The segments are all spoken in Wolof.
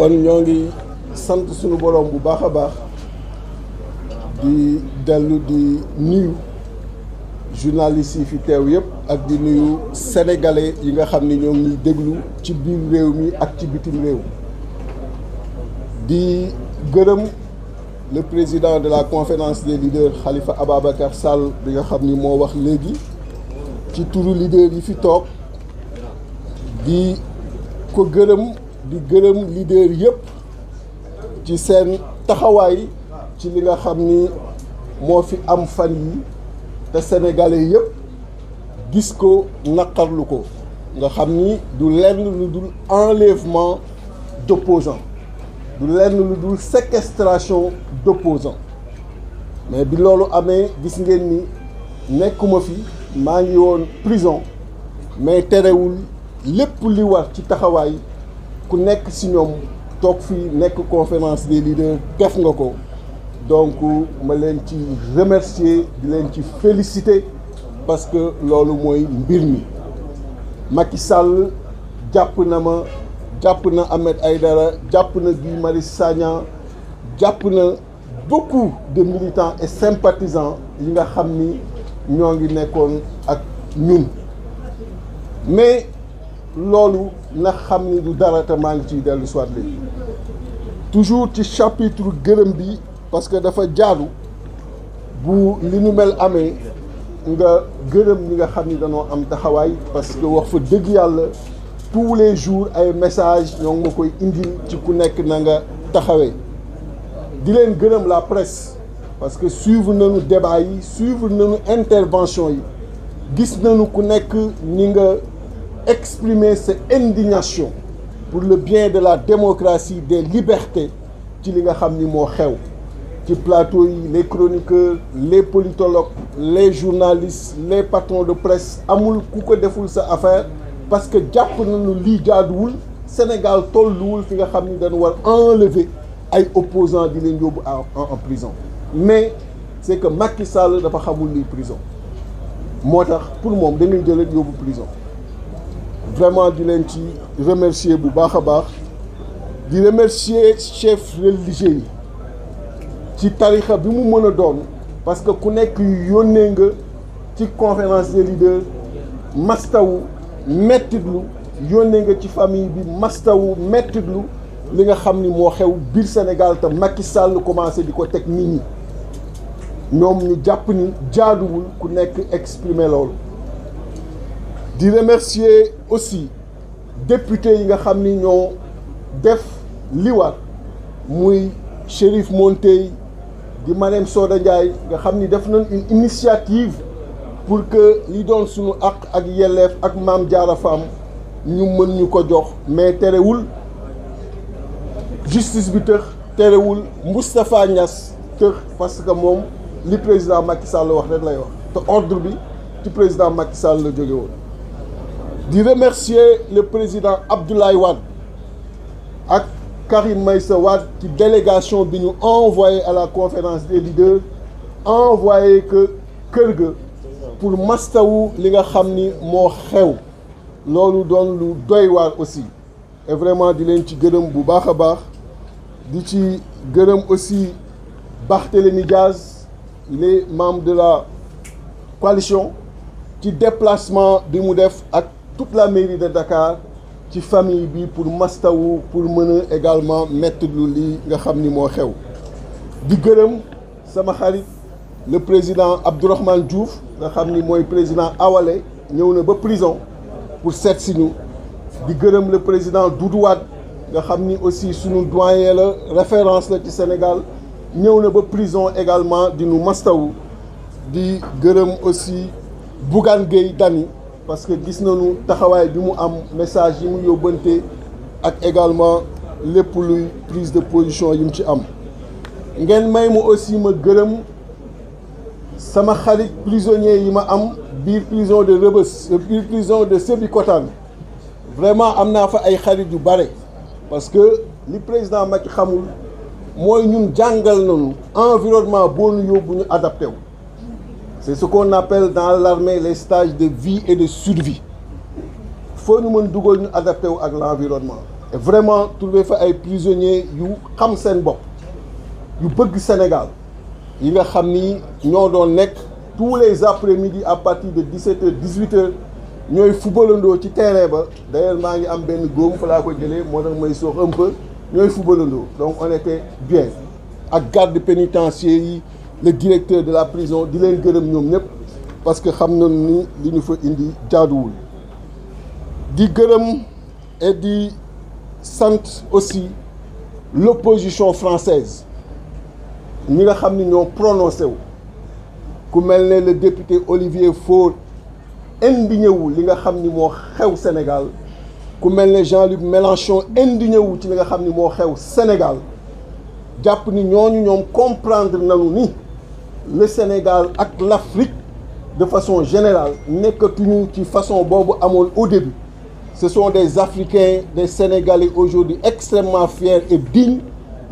kon ñoo ngi sant suñu boroom bu baax a baax di dellu di nuyu journalistes yi fi teew yëpp ak di nuyu sénégalais yi nga xam ni ñoo ngi déglu ci biir réew mi ak ci bitim réew di gërëm le président de la conférence des leaders Khalifa Ababacar Sall bi nga xam ni moo wax léegi ci turu leader yi fi toog di ko gërëm di gërëm leader yëpp ci seen taxawaay ci li nga xam ni moo fi am fan yi te sénégalais yëpp gis ko naqarlu ko nga xam ni du lenn lu dul enlèvement d'opposants du lenn lu dul séquestration d'opposants mais bi loolu amee gis ngeen ni nekkuma fi maa ngi woon prison mais terewul lépp li war ci taxawaay ku nekk si ñoom toog fii nekk conférence des leaders def nga ko donc ma leen ci remercier di leen ci féliciter parce que loolu mooy mbir mi Macky Sall jàpp na ma jàpp na ay dara jàpp na Guy Marius Sagna jàpp na beaucoup de militants et sympathisants yi nga xam ni ñoo ngi nekkoon ak ñun mais loolu na xam ni du dara te maa ngi ciy dellu soit léegi toujours ci chapitre gërëm bi parce que dafa jaaru bu li ñu mel amee nga gërëm ni nga xam ni dañoo am taxawaay parce que wax fa dëgg yàlla tous les jours ay message ñoo ngi ma koy indil ci ku nekk na nga taxawee di leen gërëm la presse parce que suivre nañu débat yi suivre nañu intervention yi gis nañu ku nekk ni nga exprimer sa indignation pour le bien de la démocratie des libertés ci li nga xam ni moo xew ci plateau yi les chroniqueurs les politologues les journalistes les patrons de presse amul ku ko deful sa affaire parce que jàpp nañu lii jaaduwul Sénégal tolluwul fi nga xam ni dañu war enlever ay opposants di leen yóbbu en prison mais c'est que Macky Sall dafa xamul luy prison moo tax pour moom da ngay jëlee yóbbu prison vraiment di leen ci remercier bu baax a baax di remercier chef religieux yi ci tarixa bi mu mën a doon parce que ku nekk yónnee nga ci conférence des leaders mastawu mettitlu yónnee nga ci famille bi mastawu mettitlu li nga xam ni moo xew biir Sénégal te Macky sàll commencé di ko teg nit ñi ñoom ñu jàpp ni jaaduwul ku nekk exprimer loolu di remercier aussi député yi nga xam ni ñoo def li muy Chérif Montey di Manem soo Ndiaye nga xam ni def nañ une initiative pour que li doon suñu àq ak yelleef ak Maam Jaara Fam ñu mën ñu ko jox mais terewul justice bi tëx terewul Moustapha Niass tëx parce que moom li président Macky Sall wax rek lay wax te ordre bi ci président Macky Sall la jóge woon di remercier le président Abdoulaye Wade ak Karim Meïssa Wade ci délégation bi ñu envoyé à la conférence des leaders envoyé que kër ga pour mastawu li nga xam ni moo xew loolu doon lu doy waar aussi et vraiment di leen ci gërëm bu baax a baax di ci gërëm aussi Barthélémy gaz les membres de la coalition ci déplacement bi mu def ak toute la mairie de Dakar ci famille bi pour mastawu pour mën a également mettre lu lii nga xam ni moo xew di gërëm sama xarit le président Abdourahmane Diouf nga xam ni mooy président Awale ñëw na ba prison pour seet si ñu di gërëm le président Doudou nga xam ni aussi suñu doyen la référence la ci Sénégal ñëw na ba prison également di nu mastawu di gërëm aussi Bougane Gueye Dany parce que gis nañu taxawaay bi mu am message yi mu yóbbante ak également lépp luy prise de position yi mu ci am ngeen may mu aussi ma gërëm sama xarit prisonnier yi ma am biir prison de Rebeuss biir prison de Sébikotane vraiment am naa fa ay xarit yu bare parce que li président Macky xamul mooy ñun jàngal nañu environnement boo ñu yóbbu ñu adapté wu c'est ce qu'on appelle dans l'armée les stages de vie et de survie foo ñu mën dugal ñu adapté wu ak l'environnement et vraiment trouver fa ay prisonniers yu xam seen bopp yu bëgg Sénégal yi nga xam ni ñoo doon nekk tous les après-midi à partir de 17 heures 18 heures ñooy fubalandoo ci terrain ba d'ailleurs maa ngi am benn góom fa laa ko jëlee moo tax may soox un ñooy fubalandoo donc on était bien ak garde pénitentiaire yi le directeur de la prison di leen gërëm ñoom ñëpp parce que xam nañu ni li ñu fa indi jaaduwul di gërëm et di sant aussi l'opposition française ñi nga xam ni ñoo prononcé wu ku mel ne le député Olivier Faure indigné wu li nga xam ni moo xew Sénégal ku mel ne Jean-Luc Mélenchon indigné wu ci li nga xam ni moo xew Sénégal jàpp ni ñooñu ñoom comprendre nañu ni le Sénégal ak l'Afrique de façon générale nekkatuñu ci façon boobu amoon au début ce sont des Africains des Sénégalais aujourd'hui extrêmement fiers et dignes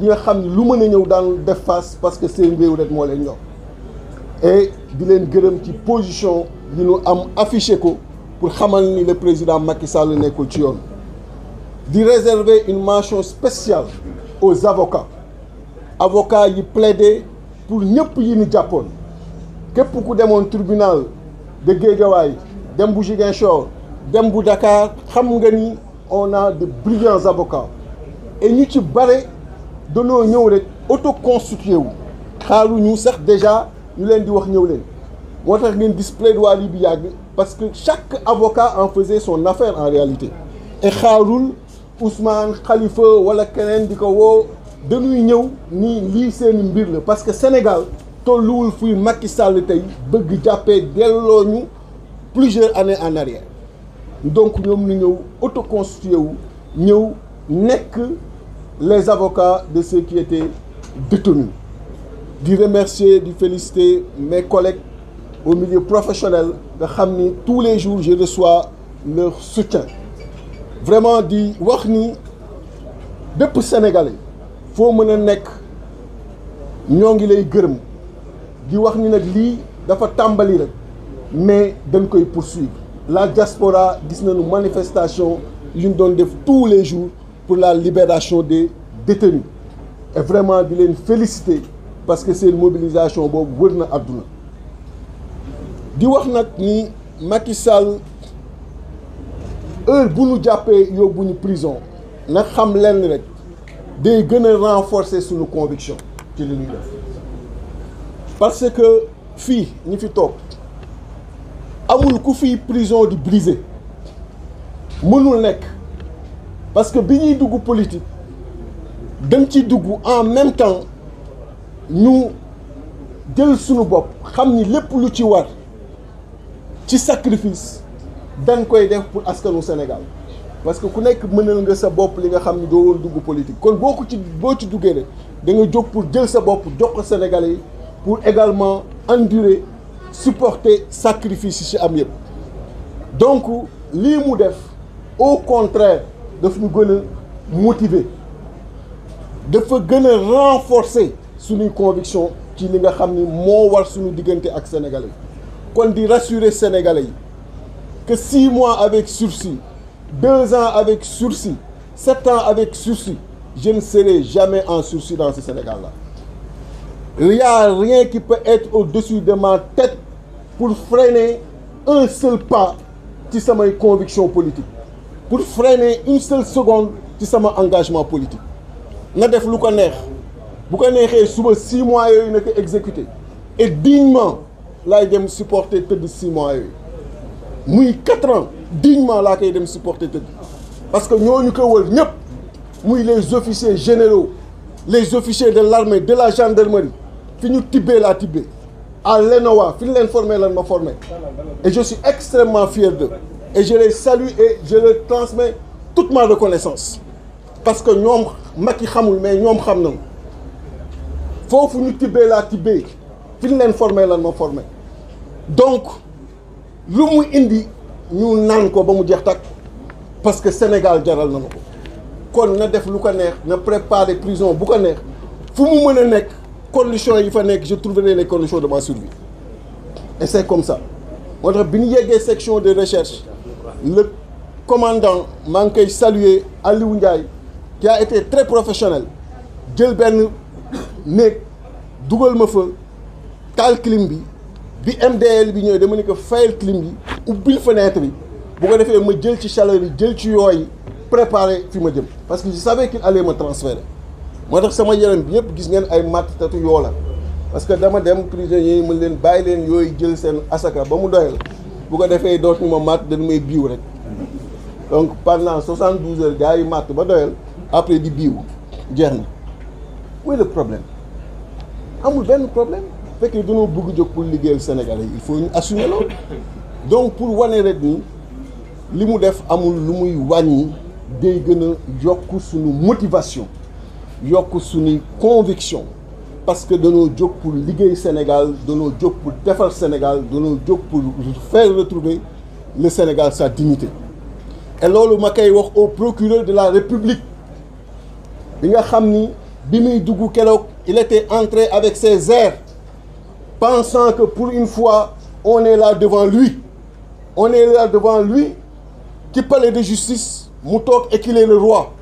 yi nga xam ne lu mën a ñëw daan def face parce que seen réew rek moo leen ñor et di leen gërëm ci position yi nu am affiché ko pour xamal ni le président Macky Sall nekkul ci yoon di réserver une mention spéciale aux avocats avocats yi plaidé pour ñëpp yi ñu jàppoon képp ku demoon tribunal de Guédiawaye dem bu Ziguinchor dem bu Dakar xam nga ni on a de brillants avocats et ñu ci bare danoo ñëw rek autoconstitué wu xaaruñu sax déjà ñu leen di wax ñëw leen moo tax ngeen gis plaidoirie bi yàgg parce que chaque avocat en faisait son affaire en réalité et xaarul Ousmane Khalifa wala keneen di ko woo dañuy ñëw ni lii seen mbir la parce que Sénégal tolluwul fuy Macky Sall tey bëgg jàppee delloo ñu plusieurs années en arrière donc ñoom lu ñëw autoconstitué wu ñëw nekk les avocats de ceux qui étaient di remercier di féliciter mais collègues au milieu professionnel nga xam ni tous les jours je reçois leur soutien vraiment di wax ni bépp sénégalais. foo mën a nekk ñoo ngi lay gërëm di wax ni nag lii dafa tàmbali rek mais dañ koy poursuivre la diaspora gis nañu manifestation yu ñu doon def tous les jours pour la libération des détenus et vraiment di leen féliciter parce que seen mobilisation boobu wër na adduna di wax nag ni Macky Sall heure bu ñu jàppee yóbbu ñu prison nag xam lenn rek day gëna a suñu conviction ci li parce que fii ñi fi toog amul ku fii prison di briser mënul nekk parce que bi ñuy dugg politique dañ ci dugg en même temps ñu jël suñu bopp xam ni lépp lu ci war ci sacrifice dañ koy def pour askanu Sénégal parce que ku nekk mënal nga sa bopp li nga xam ni doo woon dugg politique kon boo ko ci boo ci duggee rek da nga jóg pour jël sa bopp jox ko Sénégalais yi pour également endurer supporter sacrifice yi ci am yëpp donc lii mu def au contraire daf ñu gën a motiver dafa gën a renforcer suñuy conviction ci li nga xam ni moo war suñu diggante ak Sénégalais yi kon di rassurer Sénégalais yi que six mois avec si deux ans avec sursis sept ans avec sursis je ne serai jamais en sursis dans ce Sénégal-là il n'y a rien qui peut être au-dessus de ma tête pour freiner un seul pas ci samay conviction politique pour freiner une seule seconde ci sama engagement politique na def lu ko neex bu ko neexee suba six mois yooyu na ko exécuté et dignement laay dem supporter tëdd six mois yooyu muy quatre ans dignement laa koy dem supporter dëgg parce que ñoo ñu ko wër ñëpp muy les officiers généraux les officiers de l'armée de la gendarmerie fi ñu tibbee laa tibbee à l'ENOA fi ñu leen formé lan ma formé et je suis extrêmement fier de et je les salue et je leur transmets toute ma reconnaissance parce que ñoom Macky xamul mais ñoom xam nañu foofu ñu tibbee la tibbee fi ñu leen formé lan ma formé donc lu mu indi ñu naan ko ba mu jeex takk parce que Sénégal jaral na nañu ko kon na def lu ko neex na préparer prison bu ko neex fu mu mën a nekk conditions yi fa nekk je trouverai les conditions de ma survie et c'est comme ça moo tax bi nu yeggee section de recherche le commandant maa ngi koy saluer Aliou Ndiaye qui a été très professionnel jël benn néeg dugal ma fa taal clim bi bi MDL bi ñëwee dama ne ko fayal clim bi ubbil fenêtre bi bu ko defee ma jël ci chaleur yi jël ci yooyu préparé fi ma jëm parce que je savais qu'il ma me transférer moo tax sama yaram bi yëpp gis ngeen ay matt tatu yoo la parce que dama dem prisonnier yi mën leen bàyyi leen yooyu jël seen asaka ba mu doyal bu ko defee dootuñu ma matt da may biiw rek donc pendant soixante douze heures gars yi matt ba doyal après di biiw jeex na mooy le problème amul benn problème fekkee dañoo bëgg jóg pour liggéeyal Sénégalais yi il faut ñu assumer loolu donc pour wane rek ni li mu def amul lu muy wàññi day gën a yokk suñu motivation yokk suñu conviction parce que dañoo jóg pour liggéey Sénégal danoo jóg pour defar Sénégal dañoo jóg pour faire retrouver le Sénégal sa dignité et loolu ma kay wax au procureur de la République bi nga xam ni bi muy dugg keroog il était entré avec ses pensant que pour une fois, on est la devant lui. On est là devant lui qui parlait de justice, Moutok, et qu'il est le roi.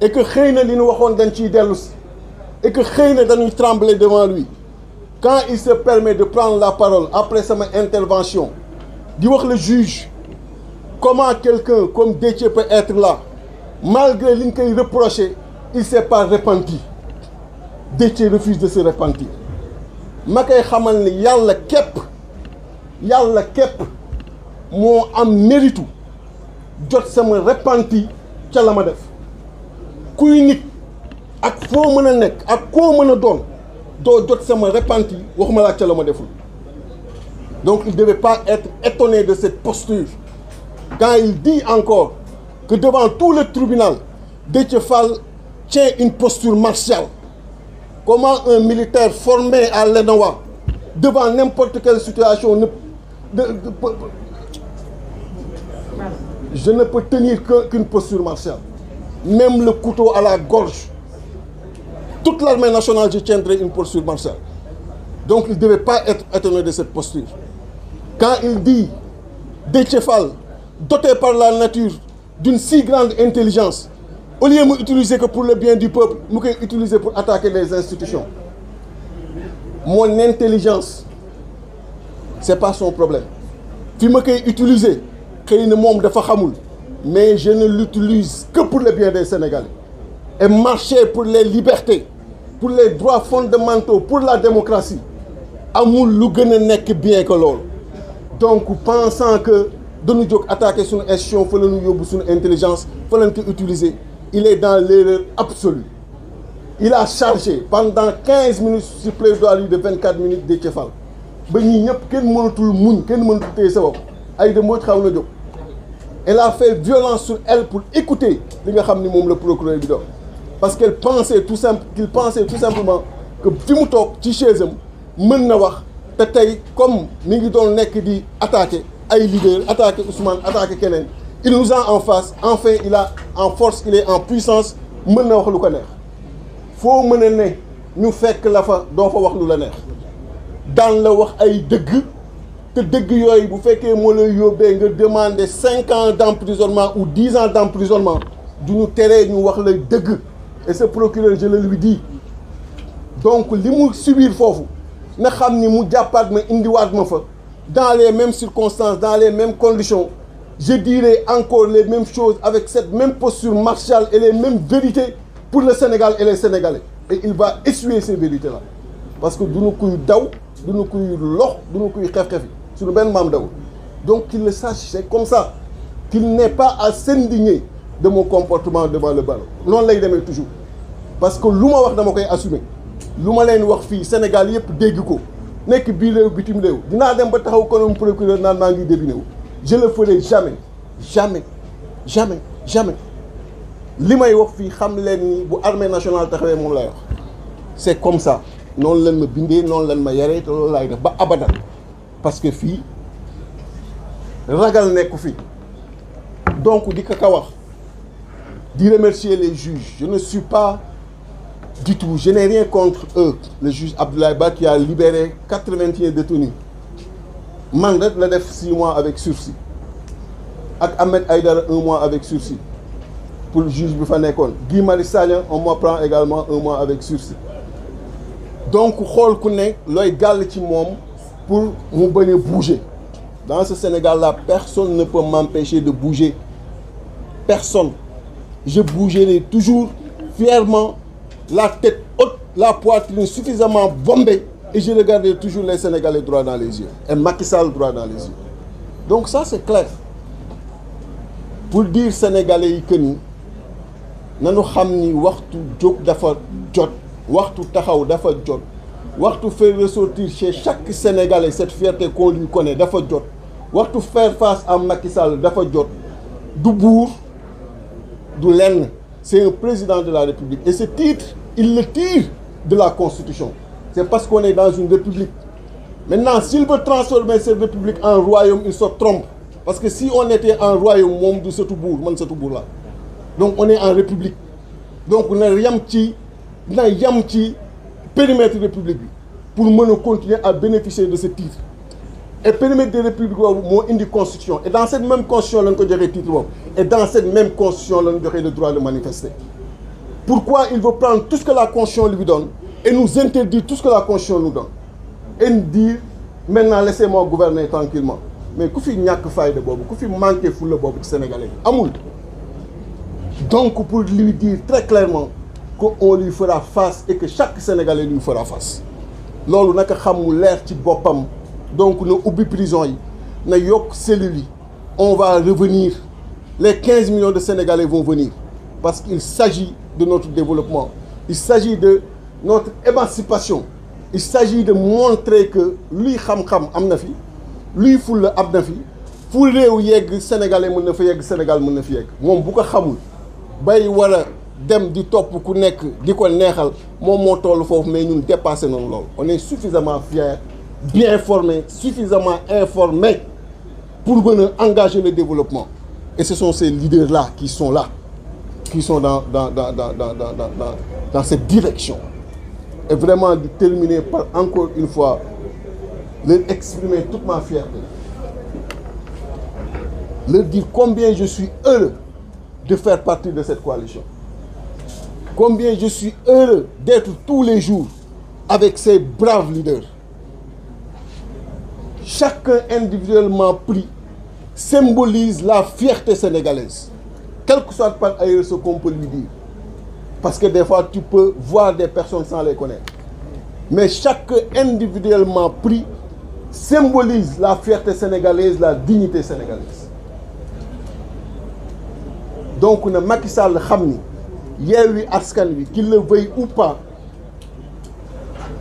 Et que li nu waxoon Khayna Et que Khayna nous trembler devant lui. Quand il se permet de prendre la parole après sa intervention, di wax le juge, comment quelqu'un comme Détier peut être là, malgré l'inquiétude reproché, il ne s'est pas repenti. Détier refuse de se repentir. ma koy xamal ni yàlla képp yàlla képp moo am méritu jot sama repenti ca la ma def kuy nit ak foo mën a nekk ak koo mën a doon doo jot sama repenti waxuma laa ca la ma deful donc il ne devait pas être de cette posture quand il encore que devant tout le tribunal Déthié Fall tient une posture martiale Comment un militaire formé à l'ENOA, devant n'importe quelle situation, ne, de, de, je ne peux tenir qu'une posture martiale. Même le couteau à la gorge. Toute l'armée nationale, je tiendrai une posture martiale. Donc il devait pas être étonné de cette posture. Quand il dit des doté par la nature d'une si grande intelligence, au lieu mu utiliser que pour le bien du peuple mu koy utiliser pour attaquer les institutions mon intelligence c'est pas son problème fi ma koy utiliser xëy na moom dafa xamul mais je ne l'utilise que pour le bien des sénégal et marcher pour les libertés pour les droits fondamentaux pour la démocratie amul lu gën a nekk bien que lool donc pensant que dañu jóg attaquer suñu institution fa la ñu yóbbu suñu intelligence fa lañ ko utiliser il est dans l'erreur absolue il a chargé pendant quinze minutes sur plaidoirie de vingt quatre minutes de cefal ba ñii ñëpp kenn mënatul muñ kenn mënatul téye sa ay de moo xaw na jóg elle a fait violence sur elle pour écouter li nga xam ni moom la procureur bi doon parce qu'elle pensait tout simple qu'il pensait tout simplement que fi mu toog ci chaise mën na wax te tey comme mi ngi doon nekk di attaquer ay leader attaquer Ousmane attaquer keneen il nous a en face enfin il a en force il est en puissance mën na wax lu ko neex foo mën a ne ñu fekk la fa doo fa wax lu la neex daan la wax ay dëgg te dëgg yooyu bu fekkee moo lay yóbbee nga demander cinq ans d'emprisonnement ou dix ans d'emprisonnement du ñu teree ñu wax la dëgg et ce procureur je le di dis donc li mu subir foofu na xam ni mu jàppaat ma indiwaat ma fa dans les mêmes circonstances dans les mêmes condition je dirai encore les mêmes choses avec cette même posture martiale et les mêmes vérités pour le Sénégal et les Sénégalais et il va essuyer ces vérités là parce que duñu kuy daw duñu kuy lox duñu kuy xef-xefi suñu benn maam daw donc qu'il le sache c'est comme ça qu'il n'est pas à s'indigner de mon comportement devant le ballon noonu lay demee toujours parce que lu ma wax dama koy assumer lu ma leen wax fii Sénégal yëpp dégg ko nekk bii réew bitim réew dinaa dem ba taxaw kanam procureur naan maa ngi débiné wu je le ferai jamais jamais jamais jamais li may wax fii xam leen ni bu armée nationale taxawee moom lay wax c'est comme ça noonu leen ma bindee noonu leen ma yaree te loolu laay def ba abada parce que fii ragal nekku fi donc di ko ka wax di remercier les juges je ne suis pas du tout je n'ai rien contre eux le juge Abdoulaye Ba qui a libéré quatre-vingt-un détenus man rek la def six mois avec sursis ak Ahmed Aïdara un mois avec sursis pour le juge bi fa nekkoon Guy Marius Sagna on me prend également un mois avec sursis donc xool ku ne looy gàll ci moom pour mu bañ a bouger dans ce Sénégal là personne ne peut m'empêcher de bouger personne je bougerai toujours fièrement la tête haute la poitrine suffisamment bombée Et je toujours les Sénégalais droit dans les yeux. Et Macky Sall droit dans les yeux. Donc ça, c'est clair. Pour dire Sénégalais yi que ni nanu xam ni waxtu jóg dafa jot waxtu taxaw dafa jot waxtu faire ressortir chez chaque Sénégalais cette fierté qu'on lui connaît dafa jot waxtu faire face à Macky Sall dafa jot du buur du lenn c'est un président de la République et ce titre il le tire de la Constitution c'est parce qu'on est dans une république. Maintenant, s'il veut transformer cette république en royaume, il se trompe. Parce si on était en royaume, on du Setobourg, man là. Donc on est en république. Donc on yam ci petit, on a rien petit périmètre république pour nous continuer à bénéficier de ce titre. Et périmètre de république, c'est une constitution. Et dans cette même constitution, on a le titre. Et dans cette même constitution, on a le droit de manifester. et nous interdire tout ce que la Constitution nous donne et nous dire maintenant laissez-moi gouverner tranquillement mais ku fi ñàkk fayda boobu ku fi manqué fulla boobu ci sénégalais yi donc pour lui dire très clairement que on lui fera face et que chaque sénégalais lui fera face loolu naka xam mu leer ci boppam donc na ubbi prison yi na yokk cellules yi on va revenir les quinze millions de sénégalais vont venir parce qu'il s'agit de notre développement notre émancipation il s'agit de montrer que luy xam-xam am na fi luy fulla am na fi fu réew yegg sénégalais mën na fa yegg Sénégal mën na fi yegg moom bu ko xamul bay war dem di topp ku nekk di ko neexal moom moo toll foofu mais ñu dépassé noonu loolu on est suffisamment fier bien formé suffisamment informé pour mën a engager le développement et ce sont ces leaders là qui sont là qui sont dans dans dans dans dans dans dans, dans cette direction est vraiment de terminer par encore une fois leur exprimer toute ma fierté leur dire combien je suis heureux de faire partie de cette coalition combien je suis heureux d'être tous les jours avec ces braves leaders chacun individuellement pris symbolise la fierté sénégalaise quel que soit par ailleurs ce qu'on peut lui dire Parce que des fois, tu peux voir des personnes sans les connaître. Mais chaque individuellement pris symbolise la fierté sénégalaise, la dignité sénégalaise. Donc, on a Macky Sall Khamni, Yehui Askanwi, qu'il le veuille ou pas,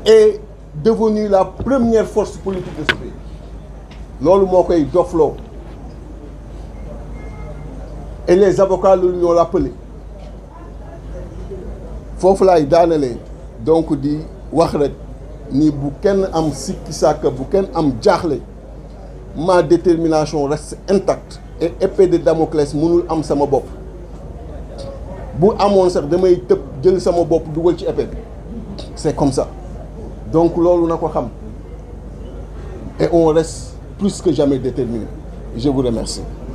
est devenu la première force politique de ce pays. loolu moo koy dofloo et les avocats le lui ont foofu laay daanalee donc di wax rek nii bu kenn am sikki sàkka bu kenn am jaaxle ma détermination reste intacte et épée de Damoclès mënul am sama bopp bu amoon sax damay tëb jël sama bopp dugal ci épée bi c'est comme ça donc loolu na ko xam et on reste plus que jamais déterminé je vous remercie